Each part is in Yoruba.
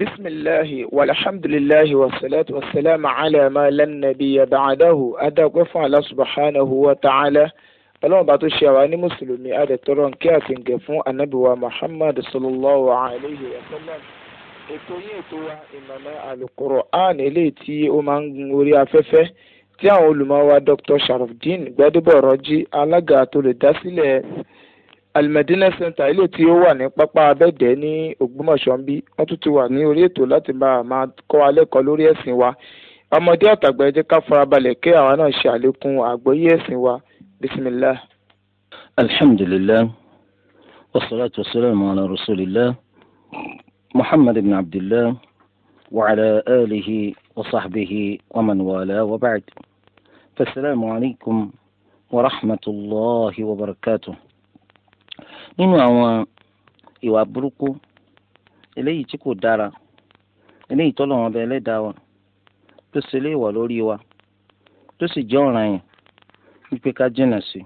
بسم الله والحمد لله والصلاة والسلام على ما لا نبي بعده أدعوك الله سبحانه وتعالى ọlọ́run bá tó ṣe àwa ní mùsùlùmí adẹ̀tọ́rọ̀ nkẹ́ àti ǹgẹ̀ fún anábìwa muhammad sallallahu alayhi wa sallam ètò yìí ètò wa ìmọ̀nà al-Qur'an eléyìí tí ó máa ń gun orí afẹ́fẹ́ tí àwọn olùmọ̀ wa dr sharafdin gbadebo ọ̀rọ̀jì alága tó lè dásílẹ̀ almadina center ilé tí ó wà ní pápá abẹ́dẹ́ ní ògbómọ̀ṣọ́ ń bí wọ́n tún ti wà ní orí ètò láti máa kọ́ alẹ́kọ̀ọ́ lórí ẹ̀sìn wa ọmọdé àtàgbà ẹ ká farabalẹ̀ kí àwa náà ṣe àlékún àgbọ́yé ẹ̀sìn wa bisimilá. alhamdulilah wasalaatu wasalaamu ala rasulillah muhammad ibn abdillah wa alihi wa sahbihi wa man wala wa ba'd fasalaamu alaykum wa rahmatulahi wa barakatuh nínú àwọn ìwà burúkú eléyìí tí kò dára eléyìí tí Ọlọ́run Ọba Ẹlẹ́dàá wa tó ṣe léèwọ̀ lórí wa tó sì jẹ́ ọ̀ranyàn wípé ká jìnnà sí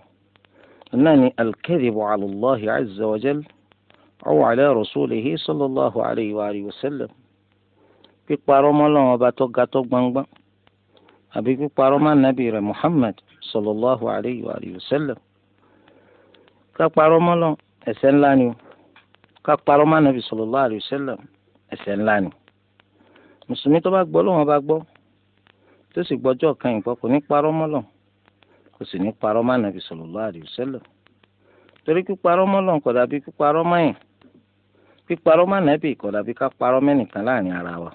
náà ni al-kadhibu ala Allahi azza wa jal aw ala rasulihi sallallahu alayhi wa alihi wa sallam píparọ́ mọ́ Ọlọ́run tó ga tó gbangban àbí píparọ́ mọ́ nàbì rẹ̀ Muhammad sallallahu alayhi wa alihi wa ẹ̀ṣẹ̀ ńlá ni ká parọ́ mọ́ Ànábì sallallahu alaihi wasallam ẹ̀ṣẹ̀ ńlá ni mùsùlùmí tó bá gbọ́ lọ́wọ́n bá gbọ́ tó sì gbọ́jọ́ kan ìgbọ́ kò ní parọ́ mọ́ kò sì ní parọ́ mọ́ Ànábì sallallahu alaihi wasallam torí píparọ́ mọ́ Ọlọ́hun kò dàbí píparọ́ mọ́ yẹn píparọ́ mọ́ Ànábì kò dàbí ká parọ́ mẹ́nìkan láàrin ara wa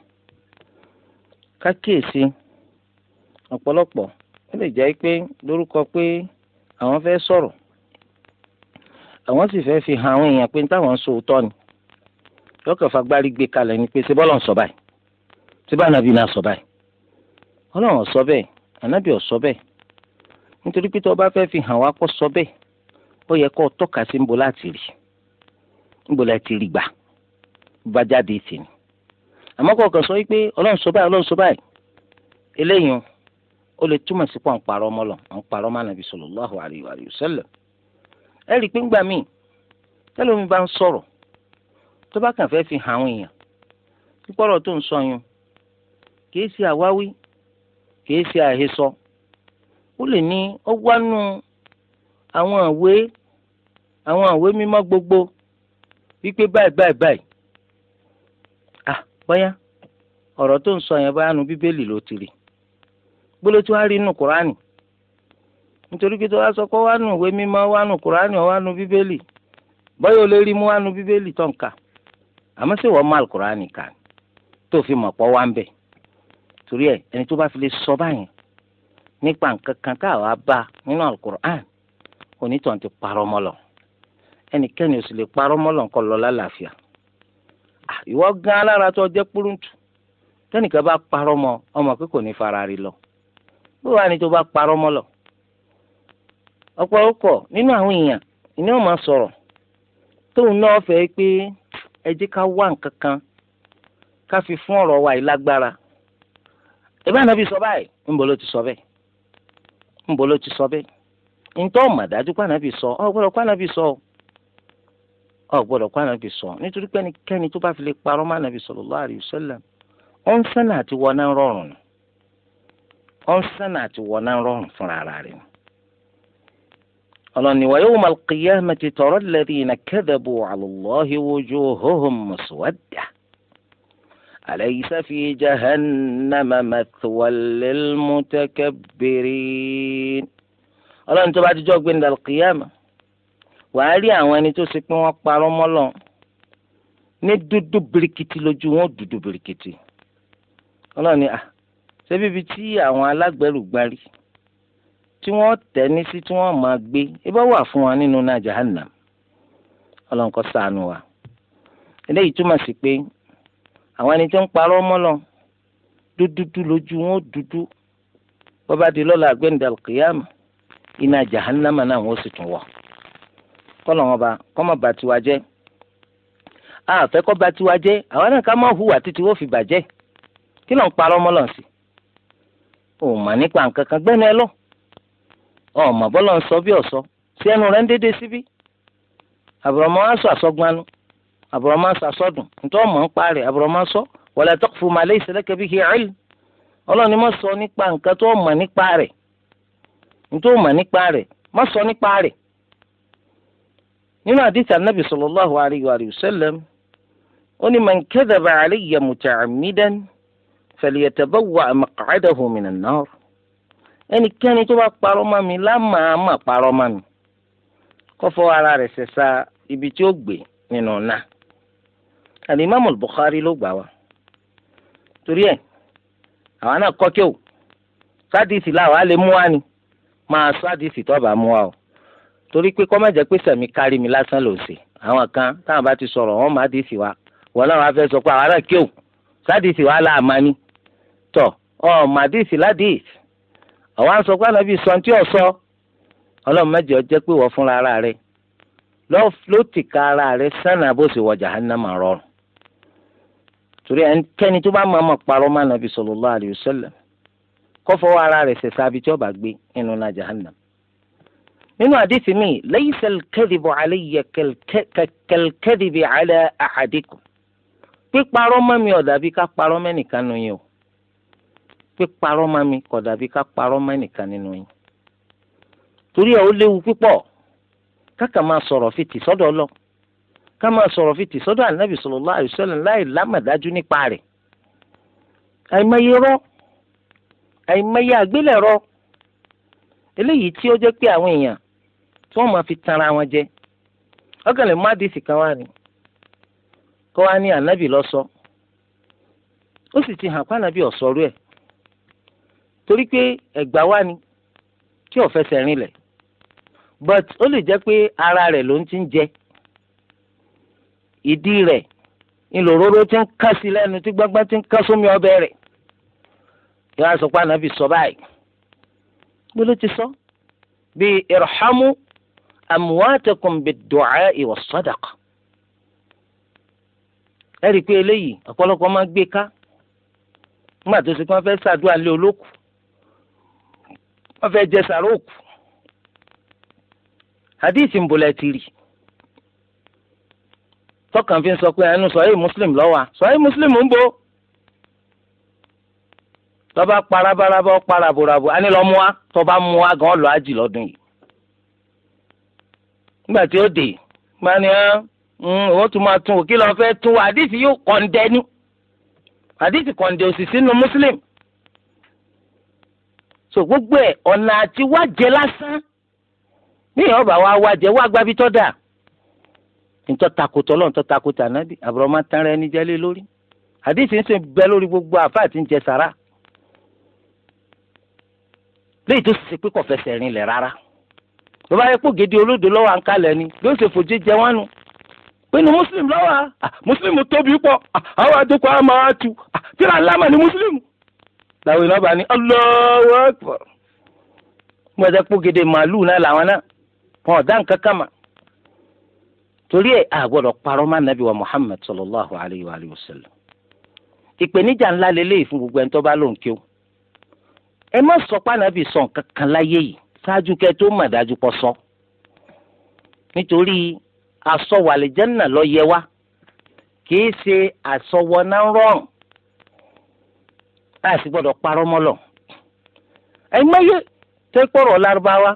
ká kíyèsí ọ̀pọ̀lọpọ̀ ó lè jẹ́ pé lórúkọ pé àwọn fẹ́ sọ̀rọ̀ àwọn sì fẹ́ fi hàn àwọn èèyàn pé táwọn ń sòótọ́ ni lọ́kàn fagbárí gbé kalẹ̀ ni pé ṣé bọ́lọ̀ ń sọ báyìí ṣé bá nàbí náà sọ báyìí ọlọ́run sọ bẹ́ẹ̀ ànábì ò sọ bẹ́ẹ̀ nítorí pé tó o bá fẹ́ fi hàn wá kó sọ bẹ́ẹ̀ ó yẹ kó o tọ́ka sí níbo láti rí níbo láti rí gbà bá jáde tì ní àmọ́ kọ̀ọ̀kan sọ wípé ọlọ́run sọ báyìí ọlọ́run sọ báyìí eléyìí ó lè túmọ̀ sí pọ̀ ń parọ́ mọ́ lọ ń parọ́ mọ́ ànábì sallallahu alaihi wa sallam ẹ rí i pé ńgbà míì tẹ́lómi bá ń sọ̀rọ̀ tó bá kàn fẹ́ fi hàn àwọn èèyàn pípọ́rọ̀ tó ń sọ yun kìí ṣe àwáwí kìí ṣe àhesọ ó lè ní ó wánú àwọn àwé àwọn àwé mímọ́ gbogbo wípé báyìí báyìí báyìí ah bóyá ọ̀rọ̀ tó ń sọ yẹn báyà nu bíbélì ló ti rí gbólótú á rí inú kúránì nítorí pé tó wá sọ pé wánú ìwé mímọ́ wánú kùránì wánú bíbélì bọ́yọ̀ lè rí mú wánú bíbélì tó ń kà àmọ́ sì wọ́n má kùránì kà tó fi mọ̀ pọ́ wá ń bẹ̀ torí ẹ ẹni tó bá fi lè sọ báyìí nípa nǹkan kan tá a wá bá nínú alukur'an onítàn ti parọ́ mọ́lọ̀ ẹnikẹ́ni ò sì lè parọ́ mọ́lọ̀ nǹkan lọ lálàáfíà ìwọ gan alára tó jẹ́ púrúǹtù tẹ́nìkan bá parọ́ mọ́ ọmọ pé kò ní fara rí lọ bí wàá ní tó bá parọ́ mọ́lọ̀ ọ̀pọ̀lọpọ̀ nínú àwọn èèyàn ìní ọ̀ máa sọ̀rọ̀ tóun náà fẹ́ pé ẹ ká wá nǹkan kan fi fún ọ̀rọ̀ wa ìlágbára ìbá nàbí sọ báyìí ńbọ ló ti sọ bẹ́ẹ̀ ńbọ ti sọ bẹ́ẹ̀ ntọ́ ànábì sọ ọ gbọ́dọ̀ ànábì sọ ọ gbọ́dọ̀ ànábì sọ nítorí pé ẹnikẹ́ni tó bá fi lè parọ́ ọ ń sẹ́nà àti wọ́n náà ọ ń sẹ́nà àti wọ́n náà rọrùn ọlọ́ni wa yawmal qiyamati taral ladhina kadhabu ala Allahi wujuhuhum muswadda alaysa fi jahannama mathwal lil mutakabbirin ọlọ́ni tó bá ti jọ́ gbẹ̀ndà kìyàmà wàá rí àwọn ẹni tó ṣe pé wọ́n parọ́ mọ́lọ́n ní dúdú birikiti lójú wọn dúdú birikiti ọlọ́ni à ah, ṣé bíbi tí àwọn alágbẹ̀rù gbárí tí wọ́n tẹ̀ ní sí tí wọ́n máa gbé ibà wà fún wa nínú náà jahannam ọlọ́run kó ṣàánú wa eléyìí túmọ̀ sí pé àwọn ẹni tó ń parọ́ mọ́lọ dúdúdú lójú wọn ó dúdú bọ́bá di lọ́la àgbẹ̀ǹdà kìyàmù iná jahannama náà wọ́n sì tún wọ̀ kọ́nà wọn bá kọ́mọ bá tiwa jẹ́ àfẹ́ kọ́ bá tiwa jẹ́ àwọn náà ká má hùwà títí wọ́n fi bàjẹ́ kí ló ń parọ́ mọ́lọ̀ sí òun mà nípa nǹkan kan gbẹ́nu ẹ lọ́ọ́ ọmọ bọ́lá ń sọ bí ọ̀sọ́ sí ẹnu rẹ̀ ń dédé síbí àbùrọ̀mọ́ á sọ àsọgbanu àbùrọ̀mọ́ á sọ àsọdùn nítorí ọmọ ń parí àbùrọ̀mọ́ sọ wala taqfu ma laysa laka bihi ilm ọlọ́run ni má sọ nípa nǹkan tó mọ̀ nípa rẹ̀ nítorí mọ̀ nípa rẹ̀ má sọ nípa rẹ̀ nínú àdìsí anábì sallallahu alayhi wa sallam ó ní man kadhaba alayya muta'ammidan falyatabawwa' maq'adahu ẹnikẹ́ni tó bá parọ́ mọ́ mi lámàámà parọ́ mọ́ mi kó fọ ara rẹ̀ ṣẹ̀ṣà ibi tí ó gbé nínú náà alimami Bukhari ló gbà wá torí ẹ̀ àwa náà kọ́kẹ́ o sádìsì làwa lè mú wa ni máa sádìsì tó bá mú wa o torí pé kọ́ má pé sẹ̀mí kárí mi lásán ló ṣe àwọn kan táwọn bá ti sọ̀rọ̀ wọn má dìsì wa wọn náà wàá fẹ́ sọ pé àwa náà kí o sádìsì wa là á má ní tọ̀ ọ̀ má ládìsì àwa ń sọ pé ànábì sọ ní tí ò sọ ọlọ́run má jẹ́ ó jẹ́ pé wọ́n fúnra ara rẹ ló ti ka ara rẹ sànà bó sì wọ jahannama rọrùn torí ẹnikẹ́ni tó bá máa mọ̀ parọ́ mọ́ ànábì sallallahu alayhi wa sallam kó fọwọ́ ara rẹ̀ ṣẹ̀ṣẹ̀ abi tí ó bá gbé nínú náà jahannam nínú àdìsí mi laysa al-kadhibu alayya kal-kadhibi ala ahadikum píparọ́ mọ́ pé parọ́ mọ́ mi kò dàbí ká parọ́ mọ́ ẹnìkan nínú yín torí ẹ̀ ó léwu púpọ̀ káka máa sọ̀rọ̀ fìtì sọ́dọ̀ lọ. ká máa sọ̀rọ̀ fìtì sọ́dọ̀ ànábì sọ̀rọ̀ alaihi wasallam láì lámàdájú nípa rẹ̀ àìmọye rọ́ àìmọye àgbélẹ̀rọ eléyìí tí ó jẹ́ pé àwọn èèyàn tí wọ́n máa fi tanra wọn jẹ ọkàn lè má dìsì kan wá ni kọ́ wá ní ànábì lọ́sọ ó sì ti hàn pé ọ̀sọ́rú ẹ̀ torí pé ẹ̀gbà wá ni tí ò fẹsẹ̀ rinlẹ̀ but ó lè jẹ́ pé ara rẹ̀ ló ń ti ń jẹ ìdí rẹ̀ ńlọrọrọ ti ń kà sí lẹ́nu tí gbọ́ngbọ́n ti ń kà sómi ọbẹ̀ rẹ̀ yóò sọ pé ànábì sọ báyìí gbé ti sọ bí irhamu amwatakum bid-du'a'i was-sadaqa ẹ pé eléyìí ọ̀pọ̀lọpọ̀ máa gbé ká nígbà tó ṣe kí wọ́n fẹ́ ṣàdúrà lé olókùú wọ́n fẹ́ jẹ sàrà òkú hadithi nbola ti rí tọkàn fi sọ pé ẹnu sọ yìí muslim lọ́wọ́ sọ yìí muslim ń bo tọba parabaraba paraburabu ani lọ mú wa tọba mú wa gan lọ ájì lọ́dún yìí nígbà tí ó dé gbani ẹ òun tún máa tún òkè lọ fẹ́ tún wa hadithi yóò kọ́ndẹ́nu hadithi kọ́ndẹ́ òsì sínú muslim. so gbogbo ọ̀nà àti wájẹ lásán ní ìyàwó wa wájẹ wá gbabi da ntọ́ takotọ́ lọ́n tọ́ takotọ́ ànábì lori máa tán jẹ́lé gbogbo àfa àti ń jẹ léyìí tó ṣe pé rárá yẹ kó muslim muslim tóbi àwọn àdókò àtú tíra ńlá mà muslim làwọn èèyàn bá ní Allahu Akbar gbọ́dọ̀ pọ̀ gèdè màálù náà làwọn náà wọn ò dá nǹkan kama torí ẹ̀ àgbọ́dọ̀ parọ́ má nàbí wa Muhammad sallallahu alayhi wa alihi wa sallam ìpèníjà ńlá lélẹ́yìí fún gbogbo ẹni tó bá lóun kí o ẹ má sọ pé ànábì sọ nǹkan kan láyé yìí ṣáájú kẹ́ tó mọ̀ dájú pọ̀ sọ nítorí asọ̀wàlẹ̀ jẹ́nà ló yẹ wá kì í ṣe àsọwọ́ náà rọrùn láì gbọdọ̀ parọ́ mọ́lọ̀ ẹ̀yin mẹ́yẹ tó pọ̀rọ̀ lárúbáwá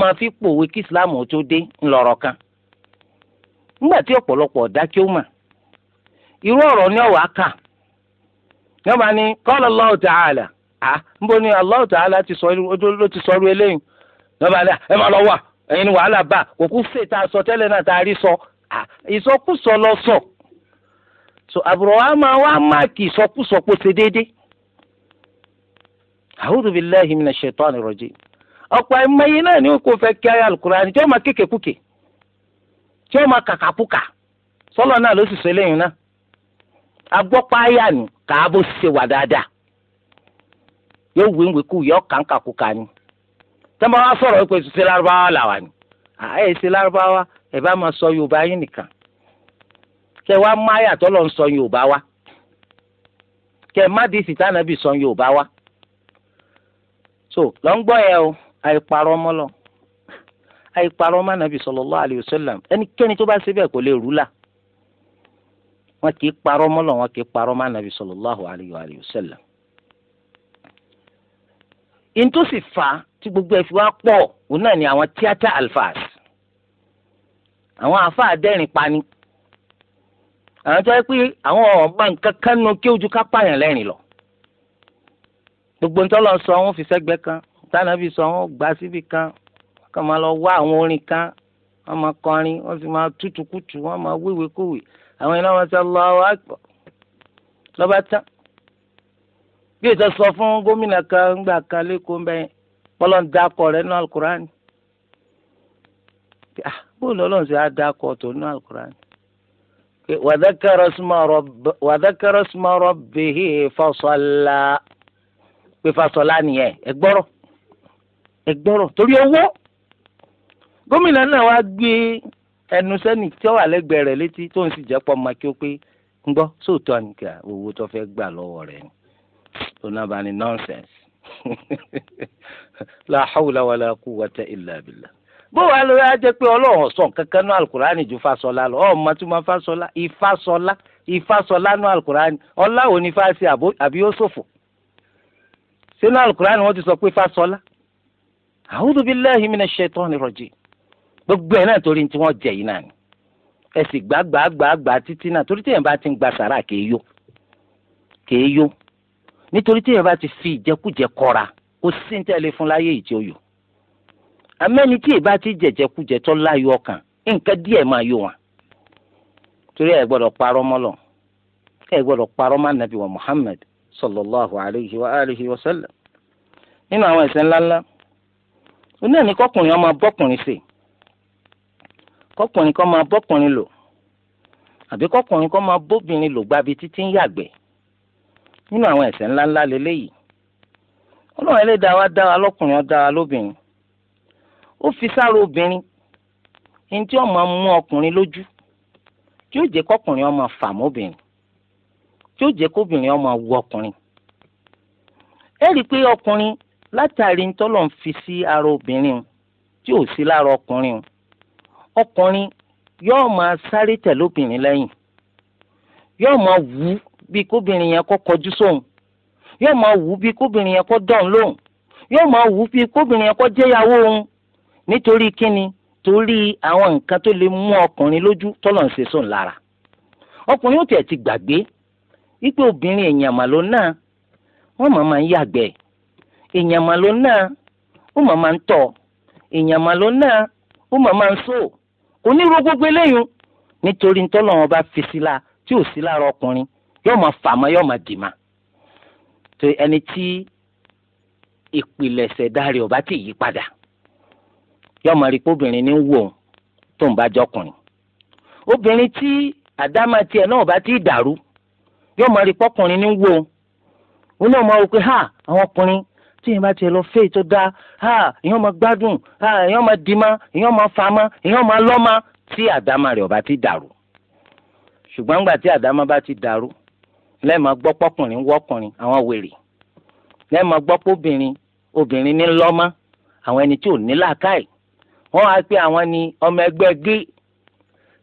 máa fi pòwe kí islam tó dé kan nígbà tí ọ̀pọ̀lọpọ̀ ọ̀dá kí ó mà irú ọ̀rọ̀ ni ọ̀wá kà ní ọba ni ni ti sọ ní ni wàhálà bá òkú sọ tẹ́lẹ̀ náà tá a rí sọ ìsọkúsọ sọ. so àbùrọ̀ wa máa wá máàkì ìsọkúsọpọ̀ ṣe déédé a'udhu billahi minash shaitani rajim ọ̀pọ̀ ẹ̀mẹ́yìn náà ni kò fẹ́ kí ayé alukurani tí ó máa kéèké kúkè tí ó máa kàkàkúkà sọ́lọ́ náà ló sì sọ eléyìí náà agbọ́pá ayé àná kàábò ṣe wà dáadáa ni bá wá sọ̀rọ̀ ṣe lárúbáwá làwà ni àyè ṣe kẹ wá máyà tọ́lọ̀ ń sọ yorùbá wa kẹ má di sìtánà bí sọ yorùbá wa so lọ ń gbọ́ yẹ o àìparọ́ mọ́ lọ àìparọ́ mọ́ nàbì sallallahu alayhi wa sallam ẹnikẹ́ni tó bá ṣe kò lè rú là wọn kì í parọ́ mọ́ lọ wọn kì í parọ́ mọ́ nàbì sallallahu alayhi wa sallam ìntòsí fa tí gbogbo ẹ̀ fi wá pọ̀ òun náà ni àwọn tíátà alfaas àwọn àfa àdẹ́rìn pani àwọn tó yẹ pé àwọn ọ̀gbà nǹkan kan nu kí ojú ká pààyàn lẹ́rìn lọ gbogbo ntọ́ lọ sọ wọn fi sẹ́gbẹ́ kan tánàbí sọ wọn gbà síbi kan kàn máa lọ wá àwọn orin kan wọn máa kọrin wọn sì máa tútù kùtù wọn máa wéwè kówè àwọn iná wọn sọ lọ́wọ́ àgbọ̀ lọ́ba tán bí ètò sọ fún gómìnà kan ńgbà kan lẹ́kọ̀ọ́ mbẹ́yẹn bọ́lọ́ ń dakọ̀ rẹ̀ nínú alukurani ah, bó lọ́lọ́run sì á dakọ̀ tó nínú alukurani wàdákàrà sùmọ̀rọ̀ bìhí fọ́sọ̀lá pé fọ́sọ̀lá nìyẹn ẹ gbọ́rọ̀ ẹ gbọ́rọ̀ torí owó gómìnà náà wá gbé ẹnu sẹ́ni tí ó wà lẹ́gbẹ̀ẹ́ rẹ̀ létí tó ń sì jẹ́ pọ̀ máa kí ó pé ń gbọ́ sóòótọ́ nìkan owó tó fẹ́ gbà lọ́wọ́ rẹ̀ ni tó náà bá ní nọ́ọ̀sẹ̀nsì la hawla wala quwwata bó wàá lọ wá jẹ́ pé ọlọ́run sọ kankan nú alukurani ju fasola lọ ọ mọ tí mo fasola ìfasola ìfasola nú alukurani ọlá wo ni fásitì àbí ó ṣòfò sínú alukurani wọ́n ti sọ pé fasola a'udhu billahi minash shaitani rajim gbogbo ẹ̀ náà torí tí wọ́n jẹ yìí náà ni ẹ sì gbà gbà gbà gbà títí náà torí téèyàn bá ti ń gba sàrà kèé yó kèé yó nítorí téèyàn bá ti fi ìjẹkújẹ kọra kò sí ní tẹ́lẹ̀ fún ìjọyọ̀ amẹ́ni tí ìbá ti jẹ̀jẹ̀kújẹ tó láyọ̀ ọkàn nǹkan díẹ̀ máa yọ wọn. torí ẹ gbọ́dọ̀ parọ́ mọ́lọ̀ ẹ gbọ́dọ̀ parọ́ má nàbí wa Muhammad sallallahu alayhi wa alihi wa sallam. nínú àwọn ẹ̀ṣẹ̀ ńláńlá oní ẹ̀ní kọkùnrin ọmọ bọ́kùnrin ṣe kọkùnrin kọ́ máa bọ́kùnrin lò àbí kọkùnrin kọ́ máa bóbìnrin lò gbábi títí ń yàgbẹ́ nínú àwọn ẹ̀ṣẹ̀ ńláńlá lélẹ́yìí ọlọ́run ẹlẹ́dàá wa dá wa lọ́kùnrin ó dá wa lóbìnrin ó fi sára obìnrin ẹni tí ọmọ mú ọkùnrin lójú tí ó jẹ́ kọkùnrin ọmọ fàmóbìnrin tí ó jẹ́ kóbìnrin ọmọ wù ọkùnrin ẹ rí i pé ọkùnrin látàrí ntọ́lọ̀ ń fi sí ara obìnrin tí ò sí lára ọkùnrin ọkùnrin yóò máa sáré tẹ̀lé obìnrin lẹ́yìn yóò máa wù ú bí kóbìnrin yẹn kó kọjú sóun yóò máa wù ú bí kóbìnrin yẹn kó dán lóhùn yóò máa wù ú bí kóbìnrin yẹn kó jẹ́yàwó òun nítorí kíni torí àwọn nǹkan tó lè mú ọkùnrin lójú tọ́lọ̀ ń ṣe sùn lára ọkùnrin ó tiẹ̀ ti gbàgbé wípé obìnrin èèyàn màlúù náà wọ́n mọ̀ máa ń yàgbẹ́ èèyàn màlúù náà ó mọ̀ máa ń tọ̀ èèyàn màlúù náà ó mọ̀ máa ń sò kò ní ro gbogbo eléyìí nítorí tọ́lọ̀ wọn bá fi sí la tí ò sí lára ọkùnrin yóò máa fà má yóò máa dì má ẹni tí ìpìlẹ̀ṣẹ̀ dáre ọba ti yí padà yóò máa rí kóbìnrin ní wò tó ń bá jọkùnrin obìnrin tí àdámà tiẹ̀ náà bá ti dàrú yóò máa rí kọkùnrin ní wò wọn náà máa wò pé ha àwọn ọkùnrin tí yẹn bá tiẹ̀ lọ fẹ́ tó dáa ha èèyàn máa gbádùn ha èèyàn máa dìímá èèyàn máa fama èèyàn máa lọ́ma tí àdámà rẹ̀ ọba ti dàrú ṣùgbọ́n ńgbà tí àdámà bá ti dàrú lẹ́ẹ̀ma gbọ́ pọ́kùnrin wọ́kùnrin àwọn wèrè lẹ́ẹ̀ma gbọ́ pọ́bìnrin obìnrin ní lọ́mọ àwọn ẹni tí ò ní làákàyè wọ́n á pé àwọn ni ọmọ ẹgbẹ́ gé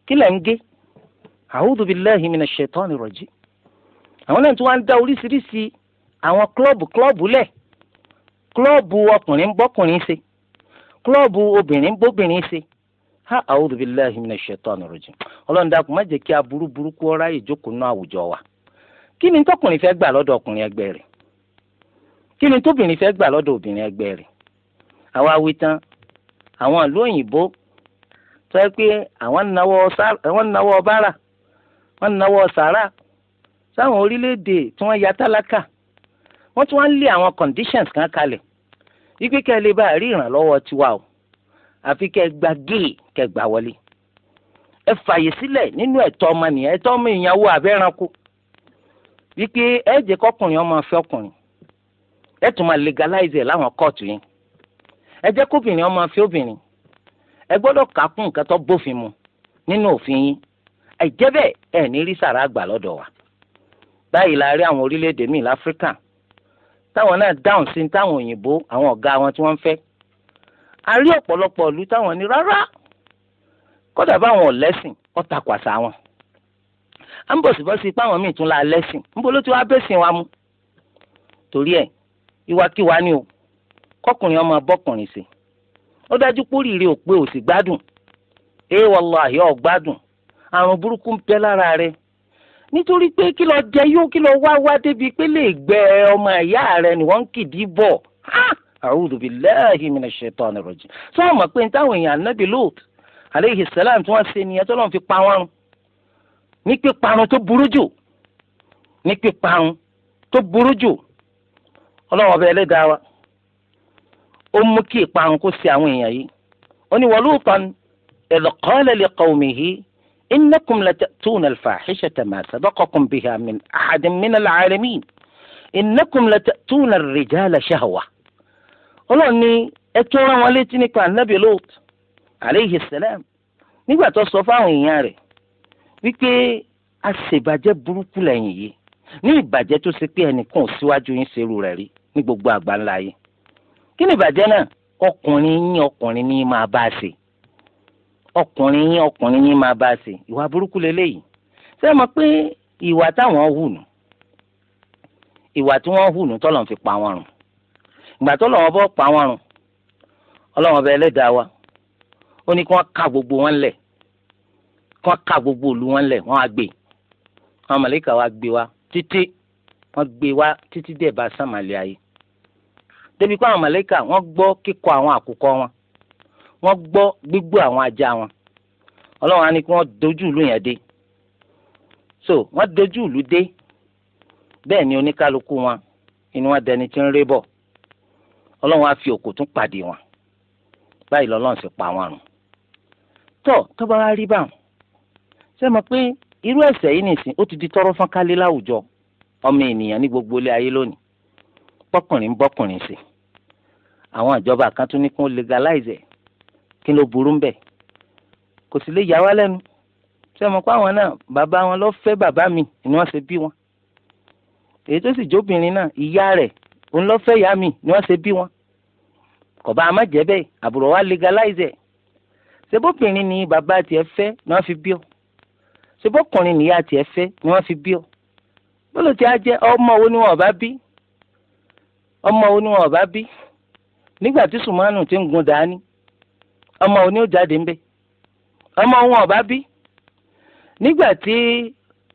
kí lẹ̀ ń gé a'udhu billahi minash shaitani rajim àwọn náà tí wọ́n á dá oríṣiríṣi àwọn klọ́ọ̀bù klọ́ọ̀bù lẹ̀ klọ́ọ̀bù ọkùnrin bọ́kùnrin ṣe klọ́ọ̀bù obìnrin bóbìnrin ṣe ha a'udhu billahi minash shaitani rajim ọlọ́run dákun má jẹ́ kí aburú burúkú ọ̀rá ìjókòó náà àwùjọ wa kí ni tọkùnrin fẹ́ gbà lọ́dọ̀ ọkùnrin ẹgbẹ́ rẹ̀ kí ni tóbìnrin fẹ́ gbà lọ́dọ̀ obìnrin ẹgbẹ́ rẹ̀ àwa wí àwọn ìlú òyìnbó tó yẹ pé àwọn náwó bára wọ́n náwó sàrà sáwọn orílẹ̀-èdè tí wọ́n ya tálákà wọ́n tún wá ń lé àwọn conditions kan kalẹ̀ wípé kẹ́ ẹ lè bá rí ìrànlọ́wọ́ tiwa o àfi kẹ́ ẹ gba géè kẹ́ ẹ gbà wọlé ẹ fààyè sílẹ̀ nínú ẹ̀tọ́ ọmọnìyàn ẹ̀tọ́ ọmọ ìyàwó abẹ́ranko wípé ẹ jẹ́ kọ́kùnrin ọmọ fẹ́ ọkùnrin ẹ tún máa legalize ẹ̀ láwọn kóòtù yẹn ẹ jẹ́ kóbìnrin ọmọ fi obìnrin ẹ gbọ́dọ̀ kàkún nǹkan tó bófin mu nínú òfin yín ẹ jẹ́ bẹ́ẹ̀ ẹ ní rí sàrà àgbà lọ́dọ̀ wa báyìí la rí àwọn orílẹ̀-èdè míì láfíríkà táwọn náà dáhùn sí táwọn òyìnbó àwọn ọ̀gá wọn tí wọ́n ń fẹ́ a rí ọ̀pọ̀lọpọ̀ ìlú táwọn ní rárá kódà báwọn ò lẹ́sìn ó wọn à ń bọ̀sibọ́sí páwọn míì tún la lẹ́sìn níbo ló ti wá bẹ́sìn wa mu torí ẹ̀ ìwàkiwà ni o kọkùnrin ọmọ abọ́kùnrin sí ó dájú póríire ò pé ò sì gbádùn ẹ wàláhì ò gbádùn àrùn burúkú ń bẹ lára rẹ nítorí pé kí lọ jẹ yóò kí lọ wá wá débi pé lè gbẹ ọmọ ìyá rẹ ni wọ́n ń kìdí bọ̀ a'udhu billahi minash shaitani rajim sọ ma pé n táwọn èèyàn anábì lóòtù aleyhi salam tí wọ́n ṣe ni tó lọ́n fi pa wọ́n run ní píparun tó burú jù ní píparun tó burú jù ọlọ́wọ́ bẹ́ẹ̀ lé dáa ó mú kí ìparun kó sí àwọn èèyàn yìí ó ní walutan idh qala li qawmihi innakum latatuna al-fahishata ma sabaqakum biha min ahadin min al-alamin innakum latatuna ar-rijala shahwa ọlọ́run ní ẹ tún rán wọn létí nípa anabi Lut aleyhi salam nígbà tó sọ fáwọn èèyàn rẹ̀ wípé àṣebàjẹ́ burúkú lẹ́yìn yìí ní ìbàjẹ́ tó ṣe pé ẹnìkan ò síwájú yín ṣerú rẹ̀ rí ní gbogbo àgbáńlá yìí kí ni ìbàjẹ́ náà ọkùnrin yín ọkùnrin ní máa bá a ṣe ọkùnrin yín ọkùnrin ní máa bá a ṣe ìwà burúkú lélẹ́yìí ṣé ẹ mọ̀ pé ìwà táwọn hù nù ìwà tí wọ́n hù nù tọ́lọ̀ fi pa wọn rùn ìgbà tọ́lọ̀ wọn bọ́ pa wọn rùn ọlọ́wọ́n bẹ ẹlẹ́dàá wa ó ní kí wọ́n ka gbogbo wọn lẹ̀ kí wọ́n ka gbogbo ìlú wọn lẹ̀ wọ́n á gbé àwọn màlẹ́kà wa gbé wa títí wọ́n gbé wa títí dẹ̀ bá sàmàlẹ́ ayé débi pé àwọn màlàíkà wọ́n gbọ́ kíkọ àwọn àkùkọ wọn wọ́n gbọ́ gbígbó àwọn ajá wọn ọlọ́run á ní kí wọ́n dojú ìlú yẹn dé so wọ́n dojú ìlú dé bẹ́ẹ̀ ni oníkálukú wọn inú wọn dẹni tí ń ré bọ̀ ọlọ́run á fi òkò tún pàdé wọn báyìí lọ́lọ́run sì pa wọn rùn tọ́ tọ́ba wa rí báwọn ṣé mo pé irú ẹ̀ṣẹ̀ yìí nìsín ó ti di tọrọ fọ́n kálé láwùjọ ọmọ ènìyàn ní gbogbo ilé ayé lónìí bọ́kùnrin bọ́kùnrin sí i àwọn ìjọba kan tún ní kí wọ́n legalize ẹ̀ kí ló burú ń bẹ̀ kò sì lè yà wá lẹ́nu ṣé mo pa àwọn náà bàbá wọn lọ fẹ́ bàbá mi ni wọ́n ṣe bí wọn èyí tó sì jóbìnrin náà ìyá rẹ̀ òun lọ fẹ́ ìyá mi ni wọ́n ṣe bí wọn kò bá a má jẹ́ bẹ́ẹ̀ àbúrò wa legalize ẹ̀ ṣebóbìnrin ni bàbá tiẹ̀ fẹ́ ni wọ́n fi bí ọ ṣebókùnrin ni ìyá tiẹ̀ fẹ́ ni wọ́n fi bí ọ bọ́lọ̀ tí a jẹ́ ọmọ wo ni wọn ò bá bí ọmọ wo ni wọn ò bá bí nígbà tí sùmánù ti ń gun dání ọmọ òní ò jáde ń bẹ ọmọ òun ọba bí nígbà tí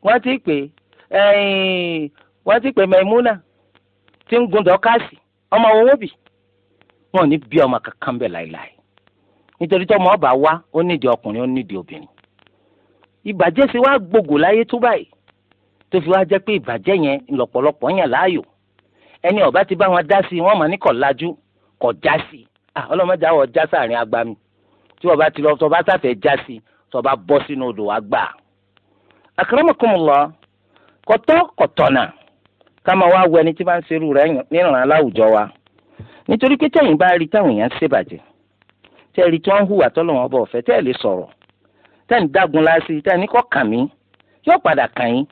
wọ́n ti pè wọ́n ti pè Maimuna ti ń gun dọ́kásì ọmọ òun ó bì wọn ò ní bí ọmọ kankan bẹ láéláé nítorí tí ọmọ ọba wá ó nídìí ọkùnrin ó nídìí obìnrin ìbàjẹ́ sì wá gbogbo láyé tó báyìí tó fi wá jẹ́ pé ìbàjẹ́ yẹn lọ́pọ̀lọpọ̀ yàn láàyò ẹni ọba ti bá wọn dá sí i mọ̀ ní kọ̀ kọ̀ já sí ah, ọlọ́mọdé àwọ̀ já sáàrin agbami tí wọ́n bá ti lọ tó bá sáfẹ́ já sí tó bá bọ́ sínú odò wa gbà. akramakumullah kọ̀tọ́ kọ̀tọ̀nà káma wá wọ ẹni tí bá ń serú rẹ̀ níran aláwùjọ wa nítorí pé tẹ̀yìn bá rí táwọn èèyàn ṣèbàjẹ́ tẹ́ẹ̀rí tí wọ́n ń hùwà tọ́lọ́wọ́n bọ̀ fẹ́ tẹ́ẹ̀ lè sọ̀rọ̀ tẹ́ẹ̀ ń dágun láásì tẹ́ẹ̀ ní kọ́ kàn yóò padà kàn yín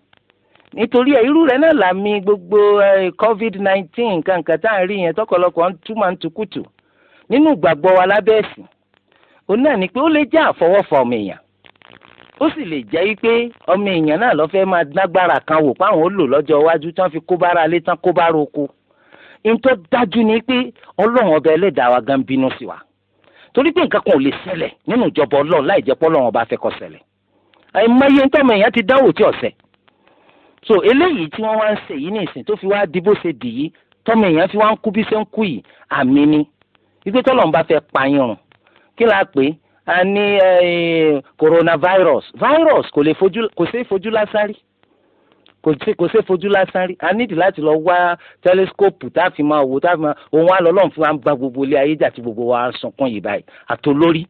nítorí ẹ irú rẹ náà làmì gbogbo covid nineteen kankan tá à ń rí yẹn tọkọlọkọ ń túmọ̀ ń tukùtù nínú ìgbàgbọ́ wa lábẹ́ ẹ̀sìn òun náà ni pé ó lè jẹ́ àfọwọ́fọ ọmọ èèyàn ó sì lè jẹ́ pé ọmọ èèyàn náà lọ́ fẹ́ máa dágbára kan wò páwọn ó lò lọ́jọ́ iwájú tán fi kó bára lé tán kó bára oko ntọ́ dájú ni pé ọlọ́run ọba ẹlẹ́dàá wa gan bínú sí wa torí pé nǹkan kan ò lè ṣẹlẹ̀ nínú ìjọba ọlọ́run láì jẹ́ pé ọlọ́run ọba fẹ́ kó ṣẹlẹ̀ àìmọye ntọ́mọ èèyàn ti dánwò tí ọ̀sẹ̀ so eléyìí tí wọ́n wá ń ṣe yìí nìsín tó fi wá di bó ṣe dì yìí tọ́mọ èèyàn fi wá ń kú bí ṣe ń kú yìí àmì ni wípé tọ́lọ́run bá fẹ́ pa rùn kí la pè é ní coronavirus virus kò lè fojú kò ṣeé fojú lásán rí kò ṣe kò ṣe fojú lásán rí a nídìí láti lọ wá tẹlẹsikópù tá a fi máa wò tá a fi máa òun á lọ lọ́n fún wa ń gba gbogbo ilé ayé jà tí gbogbo wa sunkún yìí báyìí àtolórí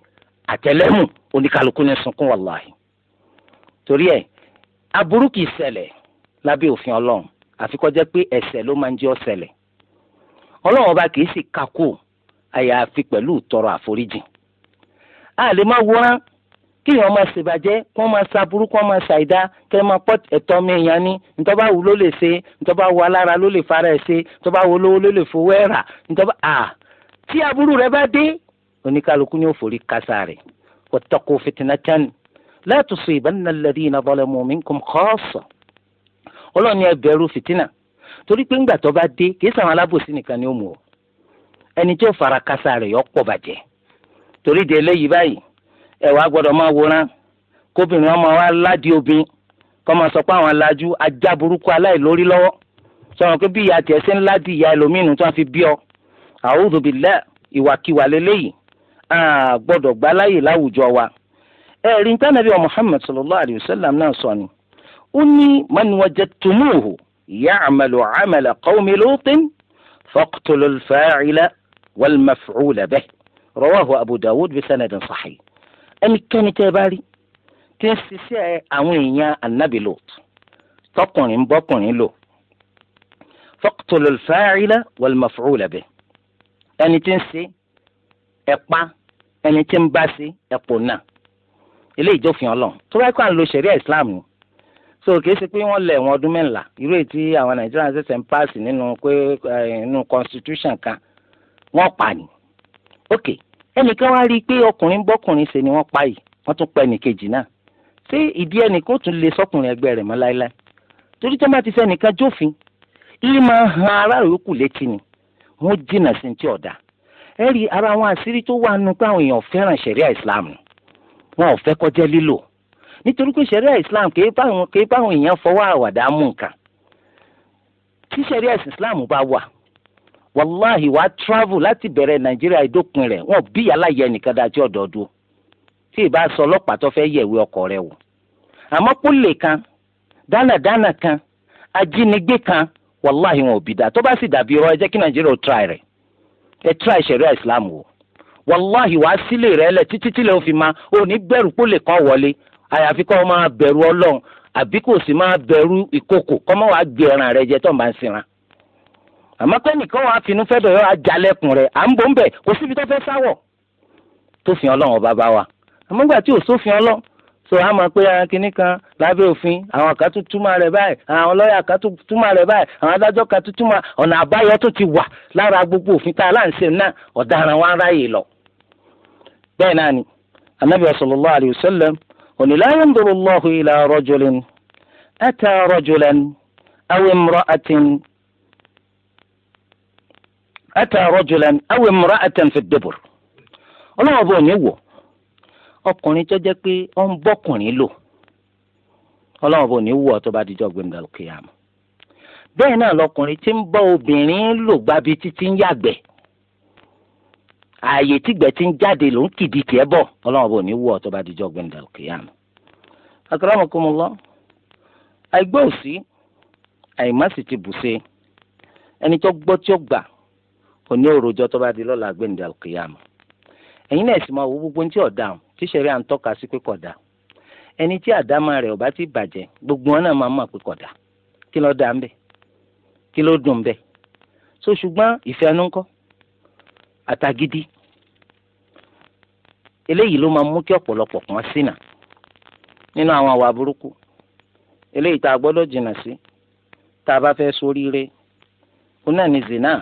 àtẹlẹ́mù oníkálukú ní sunkún wàláhì torí ẹ̀ aburú kìí ṣẹlẹ̀ lábẹ́ òfin ọlọ́run àfi kó jẹ́ pé ẹ̀ṣẹ̀ ló máa ń jẹ́ ó ṣẹlẹ̀ ọlọ́run ọba kì í sì kakó àyàfi pẹ̀lú ìtọrọ àforíjìn a lè máa wòran kí èèyàn máa ṣèbàjẹ́ kó máa ṣaburú kó máa ṣàìdá kí ẹ máa pọ́ ẹ̀tọ́ mi èèyàn ní ntọ́ba wù ló lè ṣe ntọ́ba wù alára ló lè fara ẹ̀ ṣe ntọ́ba wù olówó ló lè fowó ẹ̀ rà ntọ́ba à tí aburú rẹ bá dé oníkálukú ni ó forí kásá rẹ̀ wattaqu fitnatan la tusibanna alladhina zalamu minkum khassa ọlọ́ni ẹ bẹ̀rù fìtínà torí pé ńgbà tó bá dé kìí sàwọn alábòsí nìkan ni ó mú o ẹni tí ó fara kásá rẹ̀ yọ pọ̀ bàjẹ́ torí di eléyìí báyìí ẹ wàá gbọ́dọ̀ máa wòran kóbìnrin ọmọ wa ládìí obìnrin kọ́ máa sọ pé àwọn alájú ajá burúkú aláìlórí lọ́wọ́ sọ̀rọ̀ pé bí ìyá tiẹ̀ ṣe ń ládìí ìyá ẹlòmínú tí wọ́n fi bí ọ a'udhu ìwàkiwà lélẹ́yìí a gbọ́dọ̀ gbáláyè láwùjọ wa ẹ̀rí ní tánàbí Muhammad sallallahu alayhi wa sallam náà sọ ni ó ní man wajadtumuhu ya'malu 'amala qawmi lutin faqtulu al-fa'ila wal-maf'ula bih rawahu abu dawud bi sanadin sahih ẹnikẹ́ni tẹ́ bá rí tí ń ṣiṣẹ́ àwọn èèyàn anabi lut tọkùnrin bọ́kùnrin lò faqtulu al-fa'ila wal-maf'ula bih ẹni tí ń ṣe ẹ̀pá ẹni tí ń bá ṣe ẹ̀pọ̀ náà eléyìí jófin ọlọ́run tó bá kọ́ à ń islam ni so kìí ṣe pé wọ́n lẹ̀ wọ́n ọdún mẹ́la irú èyí tí àwọn Nigerians ṣẹ̀ṣẹ̀ ń pass nínú pé nínú eh, constitution kan wọ́n pa ni ok ẹnìkan wá rí i pé ọkùnrin bọ́kùnrin ṣe ni wọ́n pa yìí wọ́n tún pa ẹnìkejì náà ṣé ìdí ẹnìkan tún lè sọkùnrin ẹgbẹ́ rẹ̀ mọ́ láéláé torí tí wọ́n bá ti fẹ́ nìkan jófin ilé máa han ará yòókù létí ni wọ́n jìnnà sí ti ọ̀dà ẹ rí ara àwọn àṣírí tó wà nù pé àwọn èèyàn fẹ́ràn ṣẹ̀ríà ìsìlámù wọn ò fẹ́ kọjá lílò nítorí pé islam kì í báwọn èèyàn fọwọ́ àwàdà mú nǹkan tí islam bá wà wàláhì wàá travel láti bẹ̀rẹ̀ nàìjíríà ìdópin rẹ̀ wọn bí yàrá nìkan dájú ọ̀dọ́dún tí ìbá sọ ọlọ́pàá tó fẹ́ yẹ̀wé ọkọ̀ rẹ̀ wò àmọ́ kan dánàdánà kan ajínigbé kan wàláhì wọn ò bí dá tó bá sì dàbí irọ́ try rẹ̀ ẹ islam wò wàláhì wàá sílé títí tí fi ma kan wọlé àyàfi kọ́ ọ máa bẹ̀rù ọlọ́run àbí kò sì máa bẹ̀rù ìkòkò kọ́ mọ́ wàá gbé ẹran rẹ jẹ tó ń bá ń sinra. àmọ́ nìkan wàá finú fẹ́ bẹ̀rẹ̀ rẹ̀ à ń bọ̀ ń bẹ̀ kò síbi fẹ́ sáwọ̀ tó fi ọlọ́run bá wa. àmọ́ gbà tí ò sófin so a máa pé ara ah, lábẹ́ òfin àwọn rẹ̀ báyìí àwọn rẹ̀ báyìí àwọn adájọ́ a láǹṣe náà ọ̀daràn wa ń ráyè lọ. bẹ́ẹ̀ náà ni قل لا ينظر الله إلى رجل أتى رجلا أو امرأة أتى رجلا أو امرأة في الدبر ọkùnrin tó jẹ́ pé ó ń bọ́kùnrin lò ọlọ́wọ́ bọ̀ ní wọ̀ tó bá dijọ́ gbẹ̀ngàn kìyàmù bẹ́ẹ̀ náà lọkùnrin ààyè tìgbẹ́ ti ń jáde ló ń kìdí tiẹ́ bọ̀ ọlọ́run bò ní wú ọ tó bá dijọ́ gbẹ̀ndà òkèèyàn. akramakumullah àìgbọ́ òsì àìmásì ti bùṣe ẹni tó gbọ́ tí ó gbà kò ní òròjọ́ tó bá di lọ́la gbẹ̀ndà òkèèyàn. ẹ̀yin náà sì máa wo gbogbo ní tí ọ̀dà tí sẹ́rí à ń tọ́ka sí pé kódà ẹni tí àdámà rẹ̀ ò bá ti bàjẹ́ gbogbo wọn náà máa so ṣùgbọ́n ìfẹ́ ẹnu àtàgídí eléyìí ló máa mú kí ọ̀pọ̀lọpọ̀ kan ṣìnà nínú àwọn àwa burúkú eléyìí tá a gbọ́dọ̀ jìnnà sí tá a bá fẹ́ ṣoríire ó náà ní zina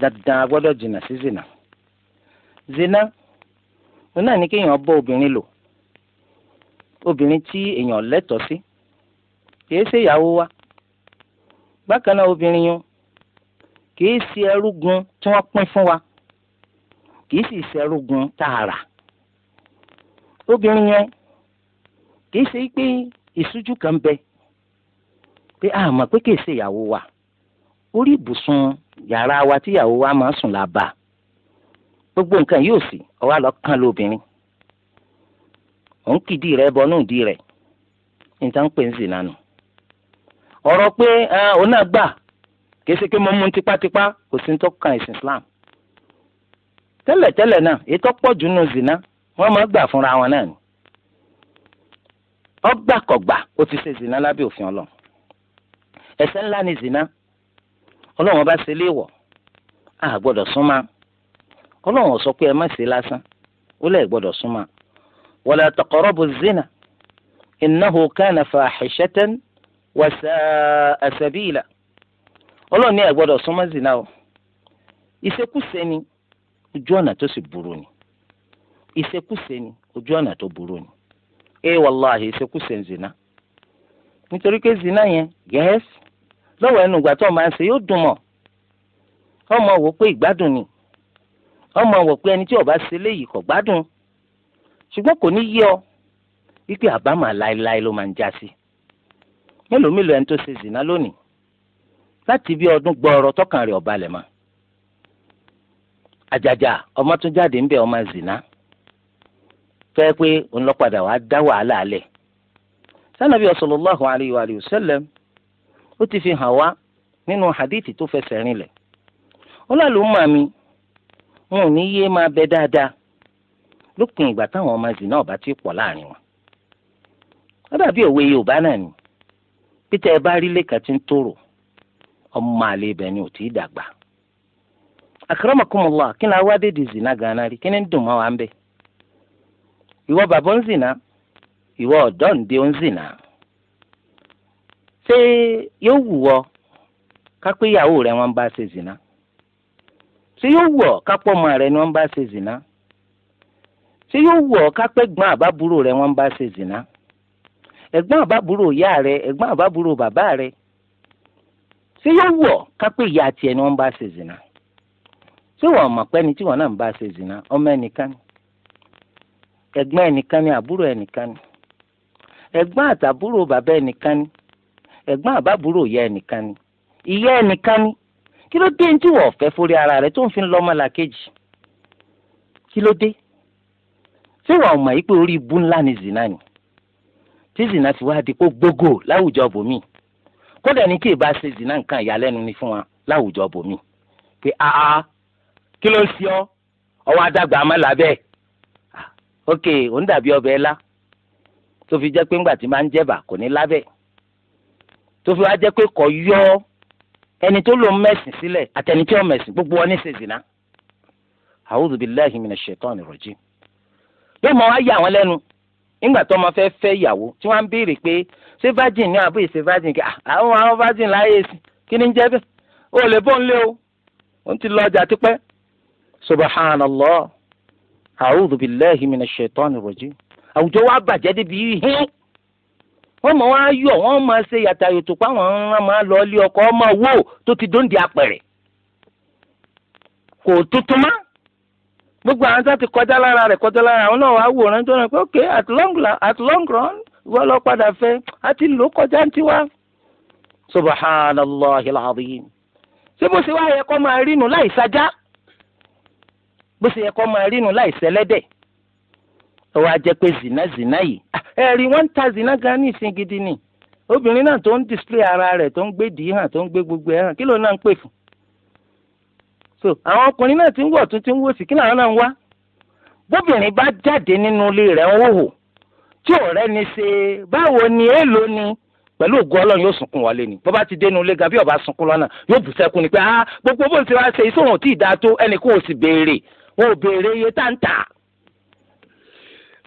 dandan a gbọ́dọ̀ jìnnà sí zina zina ó náà ní kéèyàn bọ́ obìnrin lò obìnrin tí èèyàn lẹ́tọ̀ọ́ sí kìí ṣe ìyàwó wa bákan náà obìnrin yẹn kìí ṣe ẹrúgun tí wọ́n pín fún wa kìí sì ṣe ẹrúgun tààrà obìnrin yẹn kì í ṣe pé ìṣújú kan bẹ pé a mọ̀ pé kìí ṣe ìyàwó wa orí ibùsùn yàrá wa tí ìyàwó wa máa ń sùn làbà gbogbo nǹkan yóò sì ọwá lọ kán lóbìnrin òun kìdí rẹ bọnú ìdí rẹ níta ń pè ń sìn nánu ọ̀rọ̀ pé òun náà gbà kìí ṣe pé mo mú un tipátipá kò sí ní tó kan ẹ̀sìn Islam tẹ́lẹ̀tẹ́lẹ̀ náà ètò pọ̀jù nù zìnnà wọ́n máa gbà fúnra wọn náà ni ọgbàkọ̀gbà ó ti ṣe zina lábẹ́ òfin ọlọ́run ẹ̀ṣẹ̀ ńlá ni zina ọlọ́run ọba ṣe léèwọ̀ a gbọ́dọ̀ súnmọ́ ọlọ́run ó sọ pé ẹ má ṣe lásán ó lẹ́ẹ̀ gbọ́dọ̀ súnmọ́ wala taqrabu zina innahu kana fahishatan wa sa'a sabila ọlọ́run ní ẹ gbọ́dọ̀ súnmọ́ zina o ìṣekúṣe ni ojú ọ̀nà tó sì burú ni Isekuse ni ojú ọ̀nà tó burú ni ẹ wàláhì isekuse zina nítorí pé zina yẹn gẹ́ẹ́sì lọ́wọ́ ẹnu ìgbà tó máa ń ṣe yóò dùn mọ́ ọmọ wò pé ìgbádùn ni ọmọ wò pé ẹni tí ó ṣe léyìí kò gbádùn ṣùgbọ́n kò ní yí ọ wípé àbámọ̀ láéláé ló máa ń já sí mélòó mélòó ẹni tó zina lónìí láti bí ọdún gbọọrọ tọkàn ọba àjàjà zina fẹ́ pé òun lọ padà wàá dá wàhálà alẹ̀ sanabi sallallahu alayhi wa sallam ó ti fi hàn wá nínú hadithi tó fẹsẹ̀ rinlẹ̀ ọlọ́lùmọ̀ mi wọn ò ní yé máa bẹ dáadáa lópin ìgbà táwọn ọmọ náà bá ti pọ̀ láàrin wọn òwe yorùbá náà ni pété ẹ bá rí lẹ́ka tí ń tòrò ọmọ ni ò tí ì dàgbà kí ni wa ń ìwọ bàbá ń zìnà ìwọ ọ̀dọ́ ǹdẹ́ ń zìnà ṣé yóò wù ọ kápẹ́ ìyàwó rẹ wọ́n bá ṣe zìnà ṣé yóò wù ọ kápẹ́ ọmọ rẹ ni wọ́n bá ṣe zìnà ṣé yóò wù ọ kápẹ́ gbọ́n àbábúrò rẹ wọ́n bá ṣe zìnà ẹ̀gbọ́n àbábúrò ìyá rẹ ẹ̀gbọ́n àbábúrò bàbá rẹ ṣé yóò wù ọ kápẹ́ ìyá tiẹ̀ ni wọ́n bá ṣe zìnà ṣé wọ́n mọ̀ pẹ́ni tí wọ́n náà bá ṣe zìnà ọmọ ẹnìkan ni ẹ̀gbọ́n ẹnìkan ni àbúrò ẹnìkan ni ẹ̀gbọ́n àtàbúrò bàbá ẹnìkan ni ẹ̀gbọ́n àbábúrò ìyá ẹnìkan ni ìyá ẹnìkan ni kí ló dé tí wọ́n fẹ́ forí ara rẹ̀ tó ń fi lọ ọmọ làkejì kí ló dé ṣé wàá mọ̀ yìí pé orí ibú ńlá ni zina ni tí zina ti wá di kó gbogbo láwùjọ bòmíì kódà ní kí ìbá ṣe zina nǹkan ìyàlẹ́nu ni fún wa láwùjọ bòmíì pé aa kí ló ń ṣe ọ́ ọwọ́ adágbà má là ok òun dàbí ọbẹ̀ ẹ̀la tó fi jẹ́ pé ńgbà tí máa ń jẹ̀bà kò ní lábẹ́ tó fi wá jẹ́ pé kò yọ ẹni tó lò ń mẹ̀sìn sílẹ̀ àtẹni tí ó gbogbo wọn ní ṣèṣìnà a'udhu billahi minash shaitani rajim yóò mọ wá yà wọ́n lẹ́nu nígbà tó ọmọ fẹ́ fẹ́ ìyàwó tí wọ́n ń béèrè pé ṣé virgin ni virgin ah, àwọn àwọn virgin láyé sí ni ń jẹ́ bẹ́ẹ̀ o a'udhu billahi minash shaitani rajim àwùjọ wa bàjẹ́ débi hín wọ́n mọ̀ wá yọ̀ wọ́n máa ṣe yàtàyò tó pa àwọn ọ̀ràn máa lọ ilé ọkọ̀ ọmọ wò tó ti dóńdì apẹ̀rẹ̀ kò tuntun mọ́ gbogbo àwọn tó ti kọjá lára rẹ̀ kọjá lára àwọn náà wàá wòran tó rẹ̀ pé ok at long, at long run wọ́n lọ padà fẹ́ a ti lò kọjá ń tiwa subhanallahil azim ṣé bó ṣe wá yẹ kó máa rí nu láì sajá bó ṣe yẹ kó máa rí nu láì sẹlẹ́dẹ̀ ó wá jẹ́ pé zina zina yìí ah, ẹ̀rí wọ́n ń ta zina gan ní ìsìn gidi ni obìnrin náà tó ń display ara rẹ̀ tó ń gbé dìí hàn tó ń gbé gbogbo ẹ̀ hàn kí ló náà ń pè fún so àwọn ọkùnrin náà ti ń wọ̀ tún ti ń wò sí kí làwọn náà ń wá bóbìnrin bá jáde nínú ilé rẹ̀ ń wòwò tí ọ̀rẹ́ ni ṣe báwo ni èèlò ni pẹ̀lú ògùn ọlọ́run yóò sunkún wọlé ni bó bá ti dénú ilé gan bí ọba sunkún lọ́nà yóò bù sẹ́kún ni pé ah gbogbo bó ń ṣe wá ṣe iṣẹ́ tí ì wọn ò béèrè iye tá ń tà.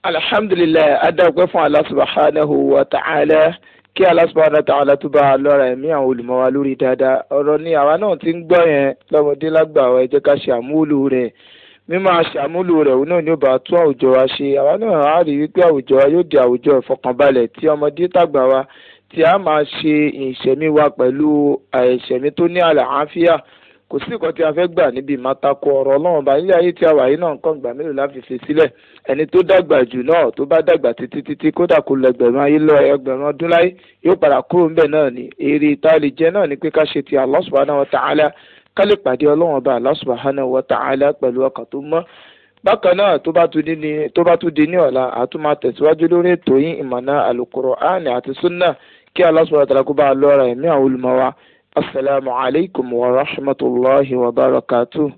alhamdulilayi adáwọ̀pẹ́ fún Allah subhanahu wa ta'ala kí Allah subhanahu wa ta'ala tó bá a lọ́ra ẹ̀mí àwọn olùmọ̀ wa lórí dáadáa ọ̀rọ̀ ni àwa náà ti ń gbọ́ yẹn lọ́mọdé lágbà wa ẹ jẹ́ ká ṣe àmúlò rẹ̀ mímọ aṣàmúlò rẹ̀ òun náà ni ó bá tún àwùjọ wa ṣe àwa náà á rí wípé àwùjọ wa yóò di àwùjọ ìfọkànbalẹ̀ tí ọmọdé tàgbà wa tí a máa ṣe ìṣẹ̀mí wa pẹ̀lú ìṣẹ̀mí tó ní àlàáfíà kò sí nǹkan tí a fẹ́ gbà níbi ìmátakọ ọ̀rọ̀ ọlọ́run bá nílé ayé tí a wà yìí náà nǹkan gbà mélòó láfi fi sílẹ̀ ẹni tó dàgbà jù náà tó bá dàgbà títí títí kódà kó lọ ẹgbẹ̀rún ayé lọ ẹgbẹ̀rún ọdún láyé yóò padà kúrò ńbẹ̀ náà ni èrè tá a lè jẹ náà ni pé ká ṣe ti Allah subhanahu wa ta'ala ká lè pàdé ọlọ́run ọba Allah wa ta'ala pẹ̀lú ọkàn tó mọ́ bákan náà tó bá tún ní tó bá tún di ní ọ̀la àtúmọ̀ tẹ̀síwájú lórí ètò yín ìmọ̀nà al-Qur'ani àti sunna kí Allah subhanahu lọ́ra ẹ̀mí àwọn olùmọ̀ wa asalaamu alaykum wa rahmatulahi wa barakatu.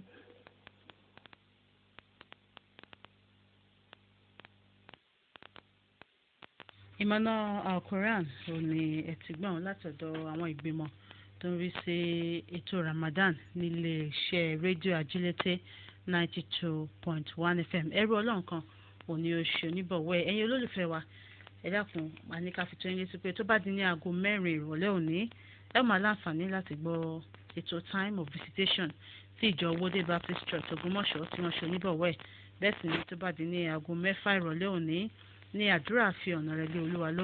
ìmọ̀nà alquran uh, ò ní ẹ̀tìgbọ́n látọ̀dọ̀ àwọn ìgbìmọ̀ tó ń rí sí ètò Ramadan nílé iṣẹ́ rédíò ajílété ninety two point one FM ẹrú ọlọ́run kan ò ní oṣù oníbọ̀wọ́ ẹ̀yin olólùfẹ́ wa ẹ dákun àníkàfitó yín létí pé tó bá di ní aago mẹ́rin ìrọ̀lẹ́ òní ẹ máa láǹfààní láti gbọ́ ètò time of visitation tí ìjọ wọlé baptist church ògbómọ̀ṣọ́ tí wọ́n ṣe oníbọ̀wọ́ ẹ̀ bẹ́ẹ̀ sì ni tó bá di ní aago mẹ́fà ìrọ̀lẹ́ òní ní àdúrà fi ọ̀nà rẹ̀ lé olúwa lọ.